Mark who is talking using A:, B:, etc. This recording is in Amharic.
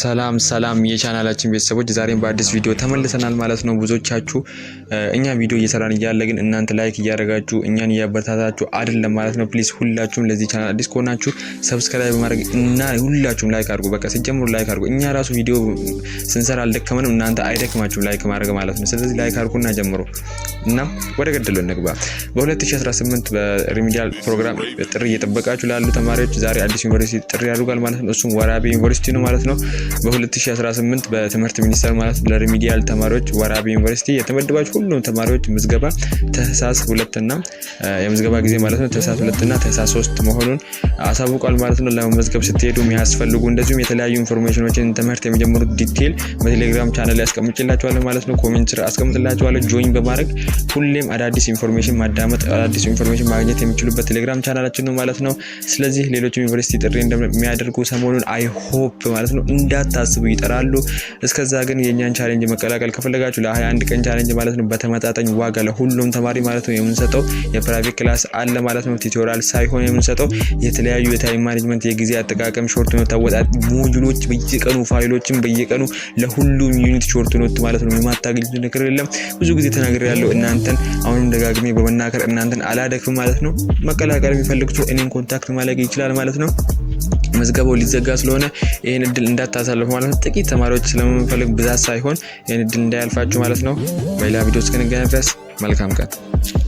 A: ሰላም ሰላም የቻናላችን ቤተሰቦች ዛሬም በአዲስ ቪዲዮ ተመልሰናል ማለት ነው። ብዙዎቻችሁ እኛ ቪዲዮ እየሰራን እያለ ግን እናንተ ላይክ እያደረጋችሁ እኛን እያበረታታችሁ አይደለም ማለት ነው። ፕሊስ ሁላችሁም ለዚህ ቻናል አዲስ ከሆናችሁ ሰብስክራይብ በማድረግ እና ሁላችሁም ላይክ አድርጉ። በቃ ሲጀምሩ ላይክ አድርጉ። እኛ ራሱ ቪዲዮ ስንሰራ አልደከመንም፣ እናንተ አይደክማችሁም ላይክ ማድረግ ማለት ነው። ስለዚህ ላይክ አድርጉ እና ጀምሩ እና ወደ ገደለው እንግባ። በ2018 በሪሚዲያል ፕሮግራም ጥሪ እየጠበቃችሁ ላሉ ተማሪዎች ዛሬ አዲስ ዩኒቨርሲቲ ጥሪ ያደርጋል ማለት ነው። እሱም ወራቤ ዩኒቨርሲቲ ነው ማለት ነው። በ2018 በትምህርት ሚኒስቴር ማለት ለሪሚዲያል ተማሪዎች ወራቤ ዩኒቨርሲቲ የተመደባችሁ ሁሉም ተማሪዎች ምዝገባ ተሳስ ሁለትና የምዝገባ ጊዜ ማለት ነው ተሳስ ሁለትና ተሳስ ሶስት መሆኑን አሳውቋል ማለት ነው። ለመመዝገብ ስትሄዱ የሚያስፈልጉ እንደዚሁም የተለያዩ ኢንፎርሜሽኖችን ትምህርት የሚጀምሩት ዲቴል በቴሌግራም ቻናል ያስቀምጭላቸዋለሁ ማለት ነው። ኮሜንት ስር አስቀምጥላቸዋለሁ። ጆይን በማድረግ ሁሌም አዳዲስ ኢንፎርሜሽን ማዳመጥ አዳዲስ ኢንፎርሜሽን ማግኘት የሚችሉበት ቴሌግራም ቻናላችን ነው ማለት ነው። ስለዚህ ሌሎች ዩኒቨርሲቲ ጥሪ እንደሚያደርጉ ሰሞኑን አይሆፕ ማለት ነው እንዳታስቡ ይጠራሉ። እስከዛ ግን የእኛን ቻሌንጅ መቀላቀል ከፈለጋችሁ ለ21 ቀን ቻሌንጅ ማለት ነው በተመጣጣኝ ዋጋ ለሁሉም ተማሪ ማለት ነው የምንሰጠው የፕራይቬት ክላስ አለ ማለት ነው። ቲቶሪያል ሳይሆን የምንሰጠው የተለያዩ የታይም ማኔጅመንት፣ የጊዜ አጠቃቀም፣ ሾርት ኖት አወጣት፣ ሞጁሎች በየቀኑ ፋይሎችን በየቀኑ ለሁሉም ዩኒት ሾርት ኖት ማለት ነው የማታገኙት ነገር የለም። ብዙ ጊዜ ተናግሬ ያለው እናንተን አሁንም ደጋግሜ በመናከር እናንተን አላደክም ማለት ነው። መቀላቀል የሚፈልግ ሰው እኔን ኮንታክት ማድረግ ይችላል ማለት ነው። ምዝገባው ሊዘጋ ስለሆነ ይህን እድል እንዳታሳልፉ ማለት ነው። ጥቂት ተማሪዎች ስለምንፈልግ ብዛት ሳይሆን ይህን እድል እንዳያልፋችሁ ማለት ነው። በሌላ ቪዲዮ እስክንገናኝ ድረስ መልካም ቀን